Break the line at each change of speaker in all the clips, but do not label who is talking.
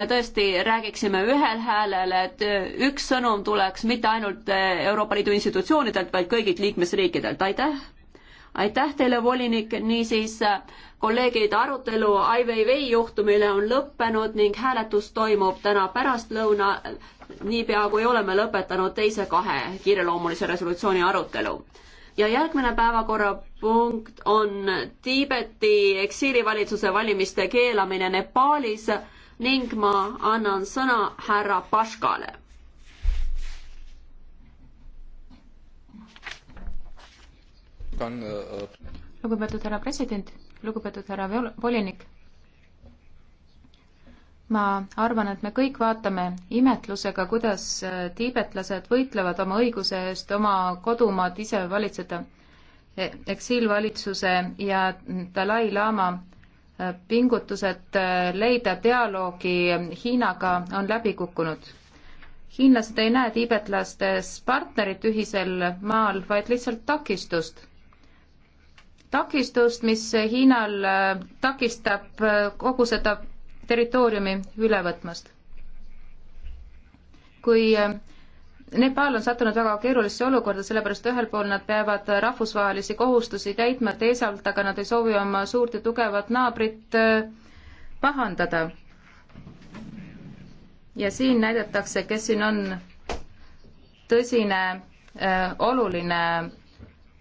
me tõesti räägiksime ühel häälel, et äh, üks sõnum tuleks mitte ainult äh, Euroopa Liidu institutsioonidelt, vaid kõigilt liikmesriikidelt, aitäh! aitäh teile, volinik, niisiis äh, kolleegid, arutelu Ai Weiwei juhtumile on lõppenud ning hääletus toimub täna pärastlõuna, niipea kui oleme lõpetanud teise kahe kiireloomulise resolutsiooni arutelu ja järgmine päevakorrapunkt on Tiibeti eksiilivalitsuse valimiste keelamine Nepaalis ning ma annan sõna härra Paškale.
lugupeetud härra president, lugupeetud härra volinik. ma arvan, et me kõik vaatame imetlusega, kuidas äh, tiibetlased võitlevad oma õiguse eest oma kodumaad ise valitseda e-, eksiilvalitsuse ja Dalai-laama pingutused äh, leida dialoogi Hiinaga on läbi kukkunud. hiinlased ei näe tiibetlastes partnerit ühisel maal, vaid lihtsalt takistust. takistust, mis Hiinal äh, takistab äh, kogu seda territooriumi üle võtmast. kui Nepal on sattunud väga keerulisse olukorda, sellepärast ühel pool nad peavad rahvusvahelisi kohustusi täitma, teisalt aga nad ei soovi oma suurt ja tugevat naabrit äh, pahandada. ja siin näidatakse, kes siin on tõsine äh,, oluline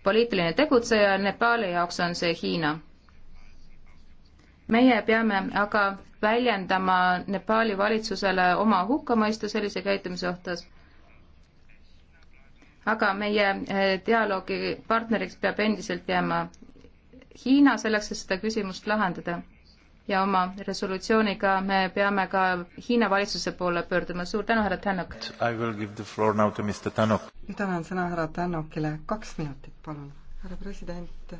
poliitiline tegutseja, Nepali jaoks on see Hiina. meie peame aga väljendama Nepali valitsusele oma hukkamõistu sellise käitumise kohtas aga meie eh, dialoogi partneriks peab endiselt jääma Hiina selleks, et seda küsimust lahendada. ja oma resolutsiooniga me peame ka
Hiina valitsuse poole pöörduma. suur tänu, härra Tänok! tänan sõna härra Tänokile, kaks minutit, palun, härra president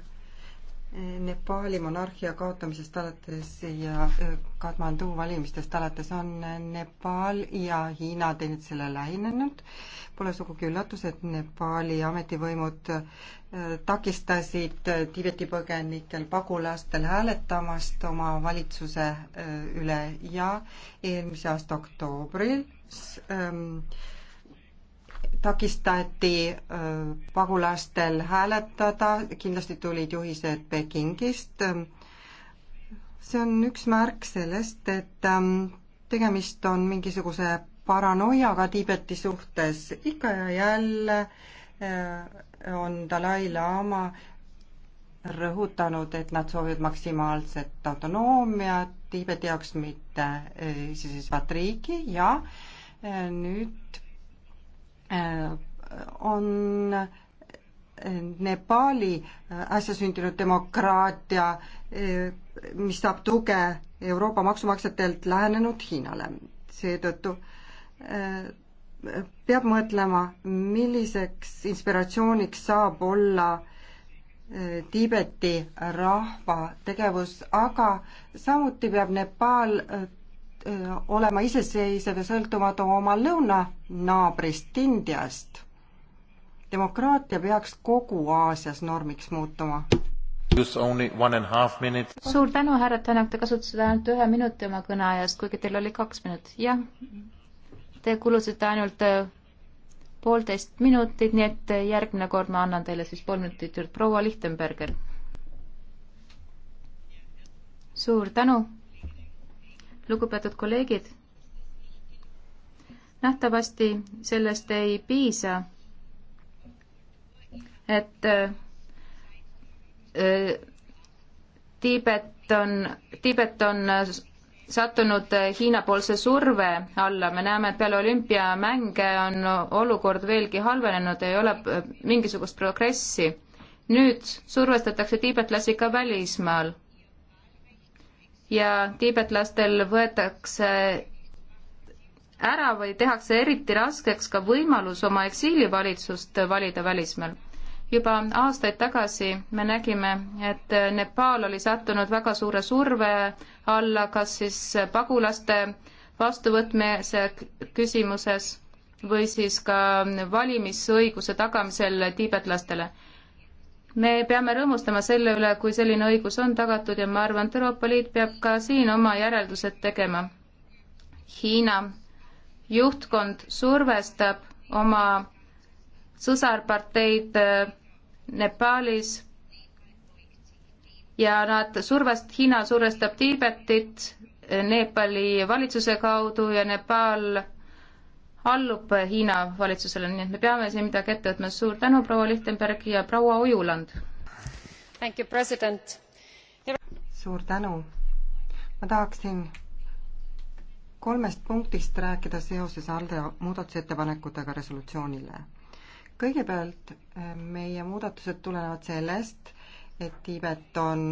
Nepaali monarhia kaotamisest alates ja äh, Katmandu valimistest alates on Nepaal ja Hiina teineteisele lähinenud. Pole sugugi üllatus, et Nepaali ametivõimud äh, takistasid äh, Tiibeti põgenikel, pagulastel hääletamast oma valitsuse üle ja eelmise aasta oktoobril ähm, takistati pagulastel hääletada, kindlasti tulid juhised Pekingist. see on üks märk sellest, et ähm, tegemist on mingisuguse paranoiaga Tiibeti suhtes, ikka ja jälle on Dalai-laama rõhutanud, et nad soovivad maksimaalset autonoomiat Tiibeti jaoks, mitte äh, iseseisvat riiki ja äh, nüüd Äh, on äh, Nepaali äh, äsja sündinud demokraatia, mis saab tuge Euroopa maksumaksjatelt lähenenud Hiinale. seetõttu peab mõtlema, milliseks inspiratsiooniks saab olla Tiibeti rahva tegevus, aga samuti peab Nepaal olema iseseisev ja sõltumatu oma lõunanaabrist Indiast. demokraatia peaks kogu Aasias normiks muutuma. suur
tänu, härra Tänak, te kasutasite ainult ühe minuti oma kõneajast, kuigi teil oli kaks minutit, jah. Te kulusite ainult poolteist minutit, nii et järgmine kord ma annan teile siis pool minutit juurde. proua Lichtenberger. suur tänu lugupeetud kolleegid, nähtavasti sellest ei piisa, et äh, Tiibet on, Tiibet on sattunud Hiina-poolse surve alla, me näeme, et peale olümpiamänge on olukord veelgi halvenenud, ei ole äh, mingisugust progressi. nüüd survestatakse tiibetlasi ka välismaal ja tiibetlastel võetakse ära või tehakse eriti raskeks ka võimalus oma eksiilivalitsust valida välismaal. juba aastaid tagasi me nägime, et Nepaal oli sattunud väga suure surve alla, kas siis pagulaste vastuvõtmise küsimuses või siis ka valimisõiguse tagamisel tiibetlastele me peame rõõmustama selle üle, kui selline õigus on tagatud ja ma arvan, et Euroopa Liit peab ka siin oma järeldused tegema. Hiina juhtkond survestab oma sõsarparteid eh, Nepaalis ja nad survest, Hiina survestab Tiibetit eh, Nepali valitsuse kaudu ja Nepaal allub Hiina valitsusele, nii et me peame siin midagi ette võtma. suur tänu, proua Lichtenberg ja proua Ujuland!
suur tänu! ma tahaksin kolmest punktist rääkida seoses ALDE muudatusettepanekutega resolutsioonile. kõigepealt eh, meie muudatused tulenevad sellest, et Tiibet on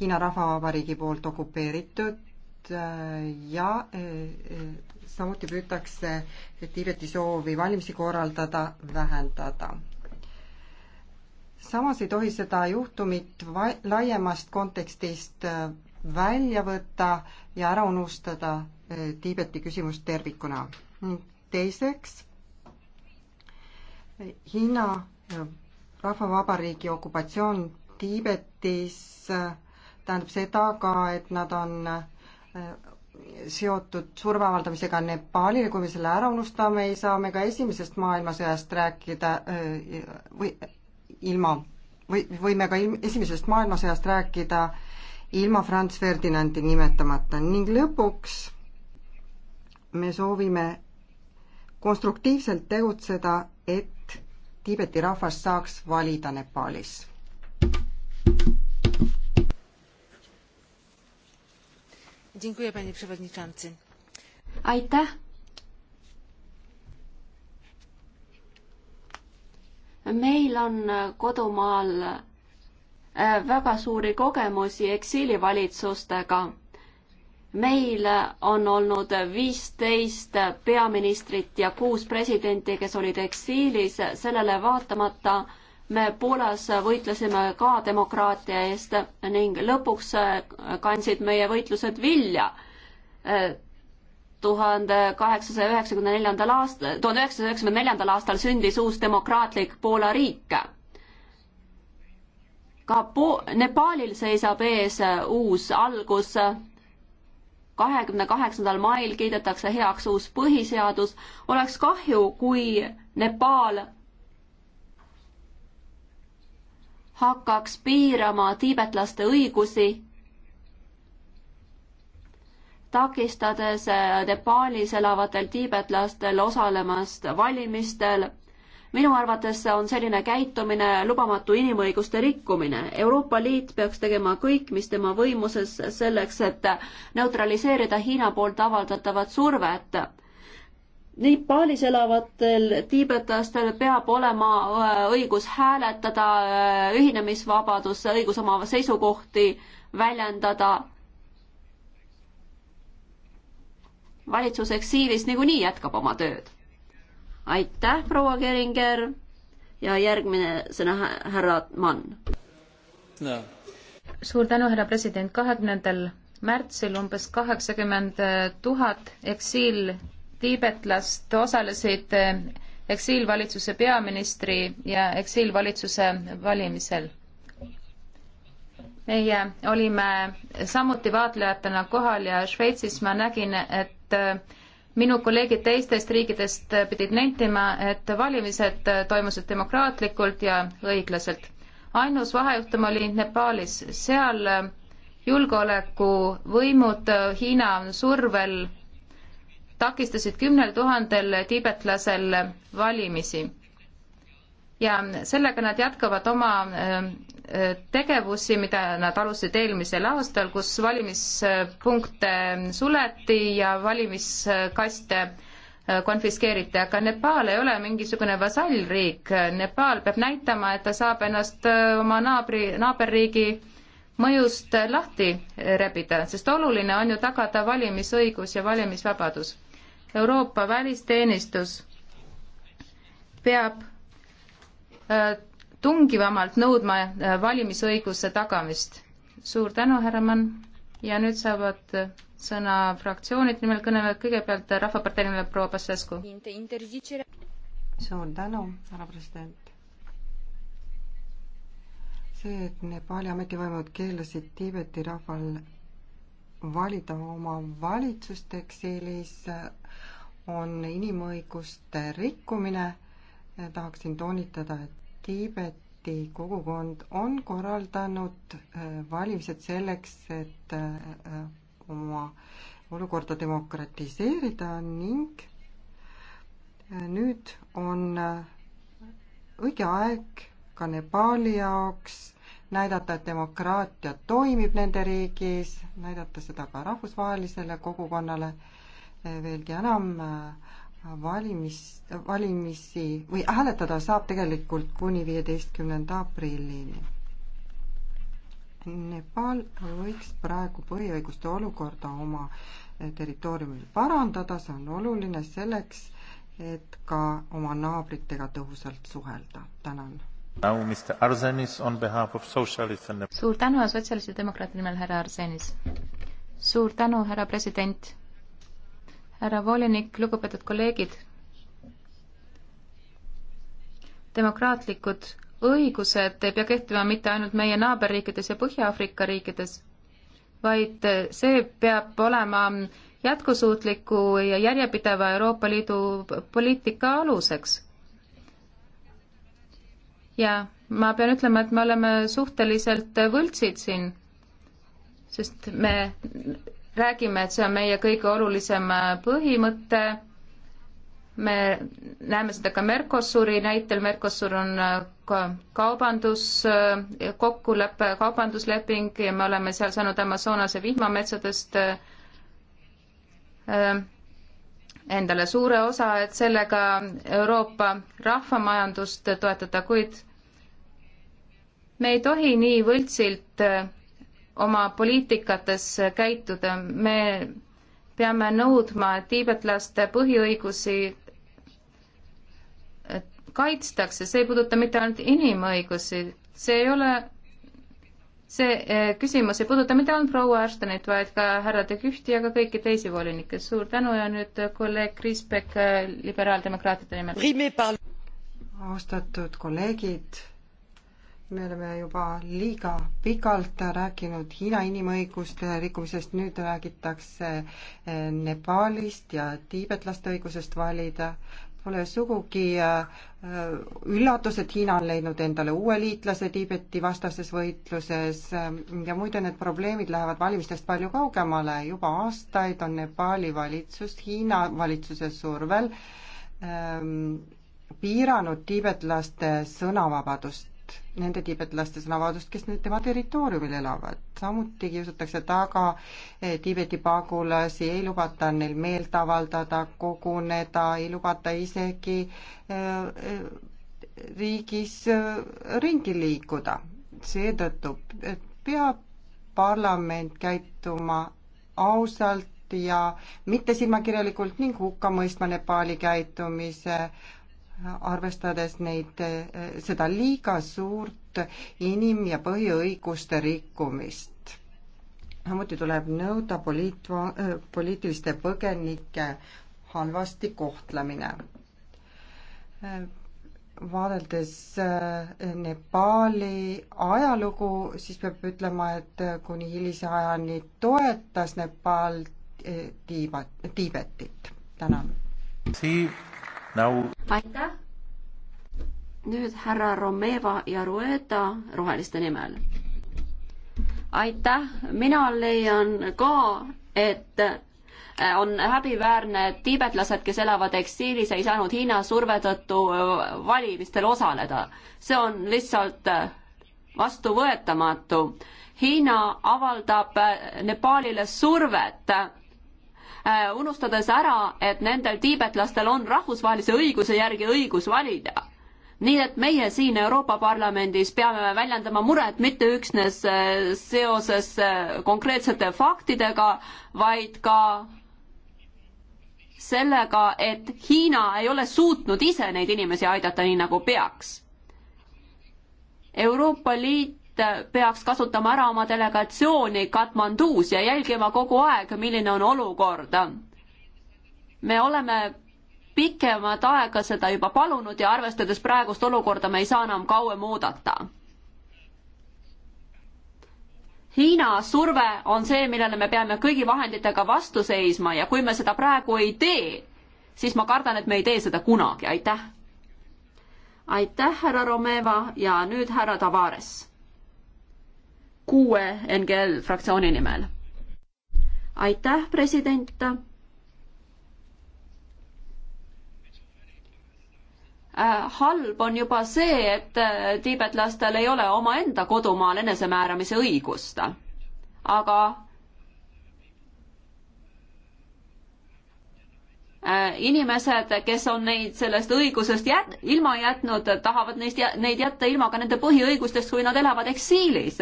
Hiina Rahvavabariigi poolt okupeeritud Äh, ja äh, äh, samuti püütakse Tiibeti soovi valimisi korraldada vähendada. samas ei tohi seda juhtumit laiemast kontekstist välja võtta ja ära unustada Tiibeti küsimus tervikuna. teiseks, Hiina Rahvavabariigi okupatsioon Tiibetis tähendab seda ka, et nad on seotud surve avaldamisega Nepaalile, kui me selle ära unustame, ei saa me ka Esimesest maailmasõjast rääkida äh, või ilma või võime ka ilm, Esimesest maailmasõjast rääkida ilma Franz Ferdinandi nimetamata ning lõpuks me soovime konstruktiivselt tegutseda, et Tiibeti rahvas saaks valida Nepaalis
aitäh. meil on kodumaal äh, väga suuri kogemusi eksiilivalitsustega. meil on olnud viisteist peaministrit ja kuus presidenti, kes olid eksiilis, sellele vaatamata äh, me Poolas võitlesime ka demokraatia eest ning lõpuks kandsid meie võitlused vilja. tuhande kaheksasaja üheksakümne neljandal aastal, tuhande üheksasaja üheksakümne neljandal aastal sündis uus demokraatlik Poola riik. ka Po-, Nepaalil seisab ees uus algus kahekümne kaheksandal mail kiidetakse heaks uus põhiseadus, oleks kahju, kui Nepaal hakkaks piirama tiibetlaste õigusi, takistades äh, Nepaalis elavatel tiibetlastel osalemast valimistel. minu arvates on selline käitumine lubamatu inimõiguste rikkumine. Euroopa Liit peaks tegema kõik, mis tema võimuses selleks, et neutraliseerida Hiina poolt avaldatavat survet Nepaalis elavatel tiibetlastel peab olema äh, õigus hääletada, äh, ühinemisvabadus, õigus oma seisukohti väljendada. valitsus eksiilis niikuinii jätkab oma tööd. aitäh, proua Geringer ja järgmine sõna härra Mann no..
suur tänu, härra president, kahekümnendal märtsil umbes kaheksakümmend tuhat eksiil tiibetlast osalesid eh, eksiilvalitsuse peaministri ja eksiilvalitsuse valimisel. meie olime samuti vaatlejatena kohal ja Šveitsis ma nägin, et eh, minu kolleegid teistest riikidest pidid nentima, et valimised toimusid demokraatlikult ja õiglaselt. ainus vahejuhtum oli Nepaalis, seal eh, julgeolekuvõimud Hiina survel takistasid kümnel tuhandel tiibetlasel valimisi. ja sellega nad jätkavad oma äh, äh, tegevusi, mida nad alustasid eelmisel aastal, kus valimispunkte suleti ja valimiskaste äh, konfiskeeriti, aga Nepaal ei ole mingisugune vasallriik. Nepaal peab näitama, et ta saab ennast oma naabri, naaberriigi mõjust lahti rebida, sest oluline on ju tagada valimisõigus ja valimisvabadus. Euroopa välisteenistus peab äh, tungivamalt nõudma äh, valimisõiguse tagamist. suur tänu, härra Mann ja nüüd saavad äh, sõna fraktsioonid nimel kõnelevad kõigepealt Rahvapartei nimel proua Pasescu. suur tänu,
härra president. see, et Nepali ametivõimud keelasid Tiibeti rahval valida oma valitsusteks eelis, on inimõiguste rikkumine. tahaksin toonitada, et Tiibeti kogukond on korraldanud äh, valimised selleks, et äh, oma olukorda demokratiseerida ning äh, nüüd on õige aeg ka Nepaali jaoks näidata, et demokraatia toimib nende riigis, näidata seda ka rahvusvahelisele kogukonnale, veelgi enam valimis, valimisi või hääletada saab tegelikult kuni viieteistkümnenda aprillini. Nepal võiks praegu põhiõiguste olukorda oma territooriumil parandada, see on oluline selleks, et ka oma naabritega tõhusalt suhelda. tänan And... suur tänu ja
sotsialistide demokraatide nimel härra Arsenis. suur tänu, härra president, härra volinik, lugupeetud kolleegid. demokraatlikud õigused ei pea kehtima mitte ainult meie naaberriikides ja Põhja-Aafrika riikides, vaid see peab olema jätkusuutliku ja järjepideva Euroopa Liidu poliitika aluseks ja ma pean ütlema, et me oleme suhteliselt võltsid siin, sest me räägime, et see on meie kõige olulisem põhimõte, me näeme seda ka Mercosuri näitel, Mercosur on kaubanduskokkulepe, kaubandusleping ja me oleme seal saanud Amazonase vihmametsadest äh, endale suure osa, et sellega Euroopa rahvamajandust toetada, kuid me ei tohi nii võltsilt äh, oma poliitikates käituda, me peame nõudma, et tiibetlaste põhiõigusi äh, kaitstakse, see ei puuduta mitte ainult inimõigusi, see ei ole see eh, küsimus ei puuduta mitte ainult proua Ashtonit, vaid ka härra de Kühti ja ka kõiki teisi volinikke. suur tänu ja nüüd eh, kolleeg Kris Beck eh, liberaaldemokraatide nimel.
austatud kolleegid, me oleme juba liiga pikalt rääkinud Hiina inimõiguste rikkumisest, nüüd räägitakse Nepaalist ja tiibetlaste õigusest valida. Pole sugugi äh, üllatus, et Hiina on leidnud endale uue liitlase Tiibeti vastases võitluses ähm, ja muide, need probleemid lähevad valimistest palju kaugemale. juba aastaid on Nepaali valitsus Hiina valitsuse survel ähm, piiranud tiibetlaste sõnavabadust nende tiibetlaste sõnavabadust, kes nüüd tema territooriumil elavad. samuti kiusatakse taga eh, Tiibeti pagulasi, ei lubata neil meelt avaldada, koguneda, ei lubata isegi eh, eh, riigis ringi liikuda. seetõttu peab parlament käituma ausalt ja mitte silmakirjalikult ning hukka mõistma Nepaali käitumise arvestades neid, seda liiga suurt inim- ja põhiõiguste rikkumist. samuti tuleb nõuda poliit-, äh, poliitiliste põgenike halvasti kohtlemine. vaadeldes äh, Nepaali ajalugu, siis peab ütlema, et kuni hilise ajani toetas Nepaal äh, Tiibat, Tiibetit. tänan. Now...
aitäh! nüüd härra Romeva ja Rueda roheliste nimel. aitäh, mina leian ka, et äh, on häbiväärne, et tiibetlased, kes elavad eksiilis, ei saanud Hiina surve tõttu äh, valimistel osaleda. see on lihtsalt äh, vastuvõetamatu. Hiina avaldab Nepaalile survet Äh, unustades ära, et nendel tiibetlastel on rahvusvahelise õiguse järgi õigus valida. nii et meie siin Euroopa Parlamendis peame väljendama muret mitte üksnes äh, seoses äh, konkreetsete faktidega, vaid ka sellega, et Hiina ei ole suutnud ise neid inimesi aidata nii, nagu peaks. Euroopa Liit peaks kasutama ära oma delegatsiooni Katmandus ja jälgima kogu aeg, milline on olukord. me oleme pikemat aega seda juba palunud ja arvestades praegust olukorda, me ei saa enam kauem oodata. Hiina surve on see, millele me peame kõigi vahenditega vastu seisma ja kui me seda praegu ei tee, siis ma kardan, et me ei tee seda kunagi, aitäh. aitäh, härra Romeva ja nüüd härra Tavares kuue NGL fraktsiooni nimel. aitäh, president. Äh, halb on juba see, et äh, tiibetlastel ei ole omaenda kodumaal enesemääramise õigust. aga äh, inimesed, kes on neid sellest õigusest jät-, ilma jätnud, tahavad neist jä-, neid jätta ilma ka nende põhiõigustest, kui nad elavad eksiilis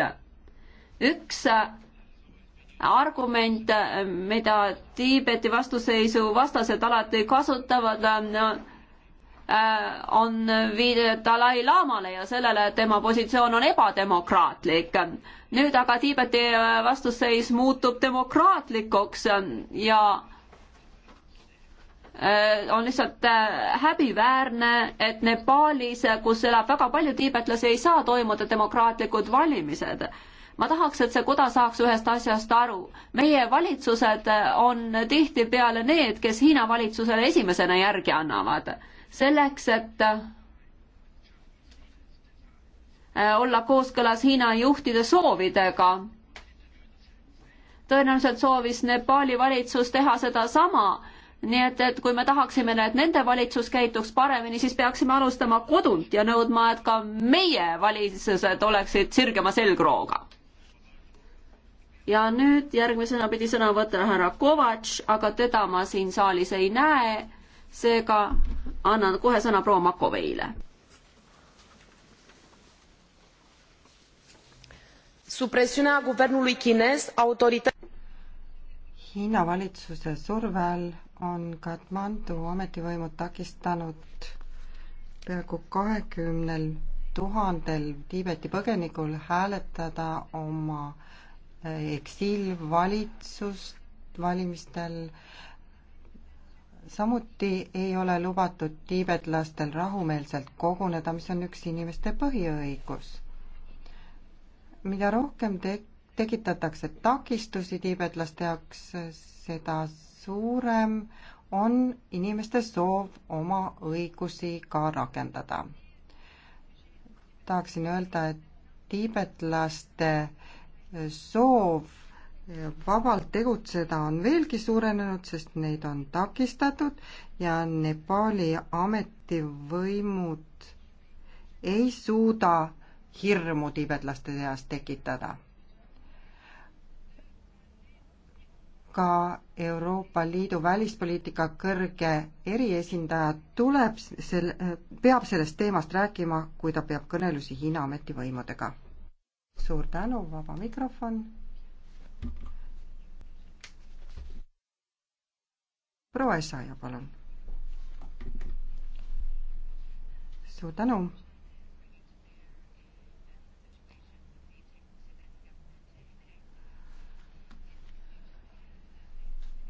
üks argument, mida Tiibeti vastuseisu vastased alati kasutavad, äh, on viide Dalai-laamale ja sellele, et tema positsioon on ebademokraatlik. nüüd aga Tiibeti äh, vastuseis muutub demokraatlikuks ja äh, on lihtsalt häbiväärne, et Nepaalis, kus elab väga palju tiibetlasi, ei saa toimuda demokraatlikud valimised ma tahaks, et see koda saaks ühest asjast aru. meie valitsused äh, on tihtipeale need, kes Hiina valitsusele esimesena järgi annavad. selleks, et äh, olla kooskõlas Hiina juhtide soovidega. tõenäoliselt soovis Nepaali valitsus teha sedasama, nii et, et kui me tahaksime, et nende valitsus käituks paremini, siis peaksime alustama kodunt ja nõudma, et ka meie valitsused oleksid sirgema selgrooga ja nüüd järgmisena pidi sõna võtta härra Kovatš, aga teda ma siin saalis ei näe, seega annan kohe sõna proua Makoveile.
supressiunea guvernului chinez autorita-. Hiina valitsuse surve all on Katmandu ametivõimud takistanud peaaegu kahekümnel tuhandel Tiibeti põgenikul hääletada oma äh, eksiilvalitsust valimistel. samuti ei ole lubatud tiibetlastel rahumeelselt koguneda, mis on üks inimeste põhiõigus. mida rohkem te-, tekitatakse takistusi tiibetlaste jaoks, seda suurem on inimeste soov oma õigusi ka rakendada. tahaksin öelda, et tiibetlaste äh, soov vabalt tegutseda on veelgi suurenenud, sest neid on takistatud ja Nepaali ametivõimud ei suuda hirmu tiibetlaste seas tekitada. ka Euroopa Liidu välispoliitika kõrge eriesindaja tuleb sel-, peab sellest teemast rääkima, kui ta peab kõnelusi Hiina ametivõimudega suur tänu, vaba mikrofon. proua Essaja, palun. suur tänu.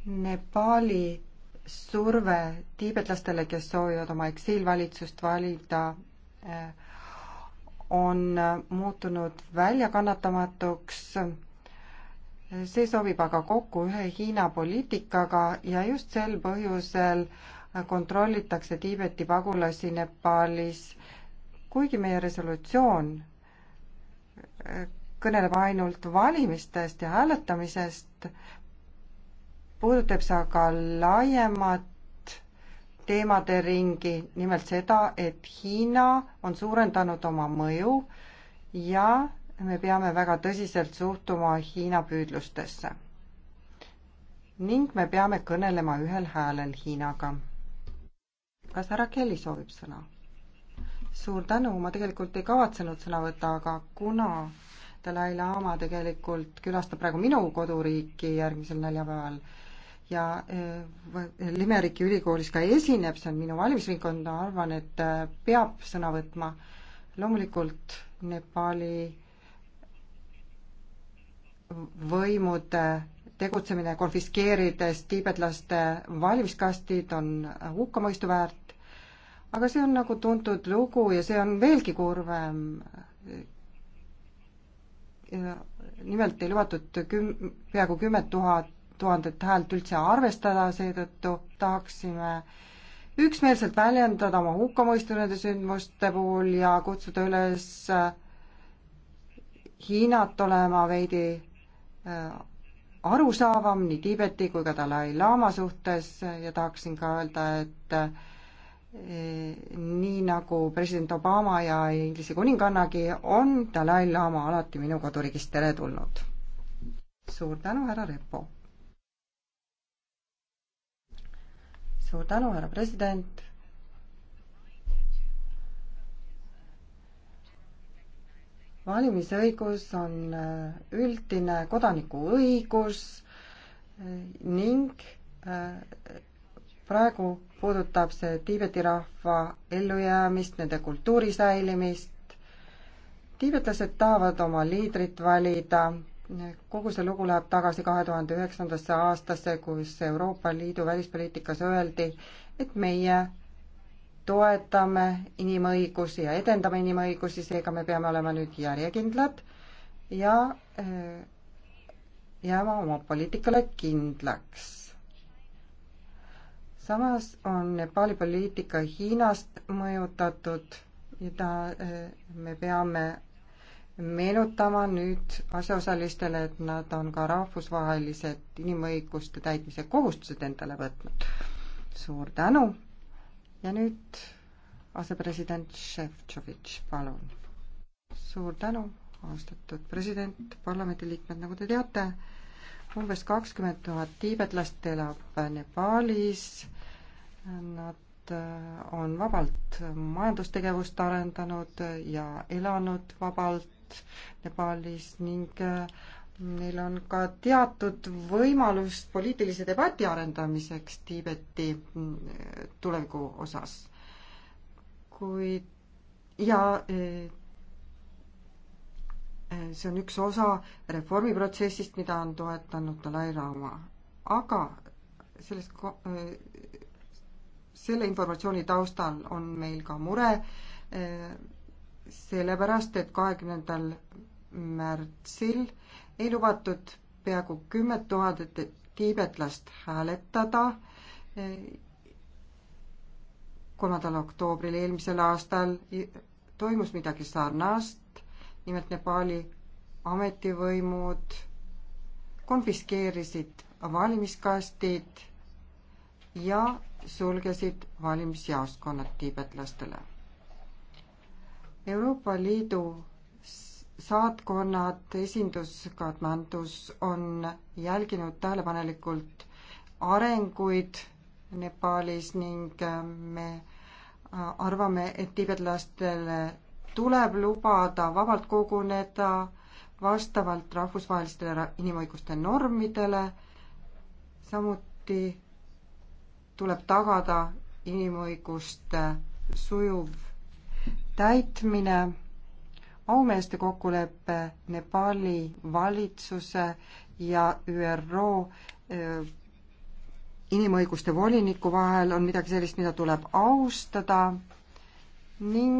Nepaali surve tiibetlastele, kes soovivad oma eksiilvalitsust valida äh,, on muutunud väljakannatamatuks. see sobib aga kokku ühe Hiina poliitikaga ja just sel põhjusel kontrollitakse Tiibeti pagulasi Nepaalis. kuigi meie resolutsioon kõneleb ainult valimistest ja hääletamisest, puudutab see aga laiemat teemade ringi, nimelt seda, et Hiina on suurendanud oma mõju ja me peame väga tõsiselt suhtuma Hiina püüdlustesse. ning me peame kõnelema ühel häälel Hiinaga. kas härra Kelly soovib sõna? suur tänu, ma tegelikult ei kavatsenud sõna võtta, aga kuna Dalai-laama tegelikult külastab praegu minu koduriiki järgmisel neljapäeval, ja äh, Limeriki ülikoolis ka esineb, see on minu valimisringkond, ma arvan, et äh, peab sõna võtma. loomulikult Nepaali võimude tegutsemine, konfiskeerides tiibetlaste valimiskastid, on hukkamõistu väärt, aga see on nagu tuntud lugu ja see on veelgi kurvem. nimelt ei lubatud küm-, peaaegu kümme tuhat tuhandet häält üldse arvestada, seetõttu tahaksime üksmeelselt väljendada oma hukkamõistu nende sündmuste puhul ja kutsuda üles äh, Hiinat olema veidi äh, arusaavam nii Tiibeti kui ka Dalai-laama suhtes ja tahaksin ka öelda, et äh, nii nagu president Obama ja Inglise kuningannagi, on Dalai-laama alati minu koduriigist teretulnud. suur tänu, härra Repo! suur tänu, härra president. valimisõigus on äh, üldine kodanikuõigus äh, ning äh, praegu puudutab see Tiibeti rahva ellujäämist, nende kultuuri säilimist. tiibetlased tahavad oma liidrit valida kogu see lugu läheb tagasi kahe tuhande üheksandasse aastasse, kus Euroopa Liidu välispoliitikas öeldi, et meie toetame inimõigusi ja edendame inimõigusi, seega me peame olema nüüd järjekindlad ja eh, jääma oma poliitikale kindlaks. samas on Nepali poliitika Hiinast mõjutatud ja ta, eh, me peame meenutama nüüd asjaosalistele, et nad on ka rahvusvahelised inimõiguste täitmise kohustused endale võtnud. suur tänu ja nüüd asepresident Šefčovitš, palun. suur tänu, austatud president, parlamendiliikmed, nagu te teate, umbes kakskümmend tuhat tiibetlast elab Nepaalis, nad äh, on vabalt majandustegevust arendanud ja elanud vabalt, Nepaalis ning äh, neil on ka teatud võimalus poliitilise debati arendamiseks Tiibeti äh, tuleviku osas. kuid ja äh, see on üks osa reformiprotsessist, mida on toetanud Dalai-laama. aga sellest selle informatsiooni taustal on meil ka mure sellepärast, et kahekümnendal märtsil ei lubatud peaaegu kümmet tuhandet tiibetlast hääletada. kolmandal oktoobril eelmisel aastal toimus midagi sarnast, nimelt Nepaali ametivõimud konfiskeerisid valimiskastid ja sulgesid valimisjaoskonnad tiibetlastele Euroopa Liidu saatkonnad esindus Katmandus on jälginud tähelepanelikult arenguid Nepaalis ning äh, me äh, arvame, et tiibetlastele tuleb lubada vabalt koguneda vastavalt rahvusvahelistele inimõiguste normidele. samuti tuleb tagada inimõiguste sujuv täitmine, aumeeste kokkulepe Nepali valitsuse ja ÜRO äh, inimõiguste voliniku vahel on midagi sellist, mida tuleb austada ning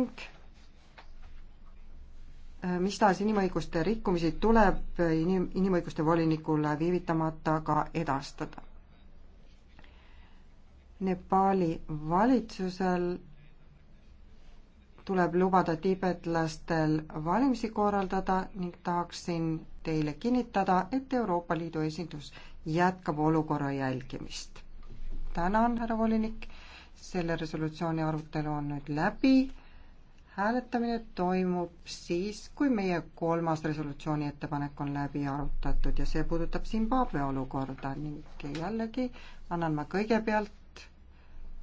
äh, mis tahes inimõiguste rikkumisi tuleb inim-, inimõiguste volinikule viivitamata ka edastada. Nepaali valitsusel tuleb lubada tiibetlastel valimisi korraldada ning tahaksin teile kinnitada, et Euroopa Liidu esindus jätkab olukorra jälgimist. tänan, härra volinik, selle resolutsiooni arutelu on nüüd läbi. hääletamine toimub siis, kui meie kolmas resolutsiooni ettepanek on läbi arutatud ja see puudutab Zimbabwe olukorda ning jällegi annan ma kõigepealt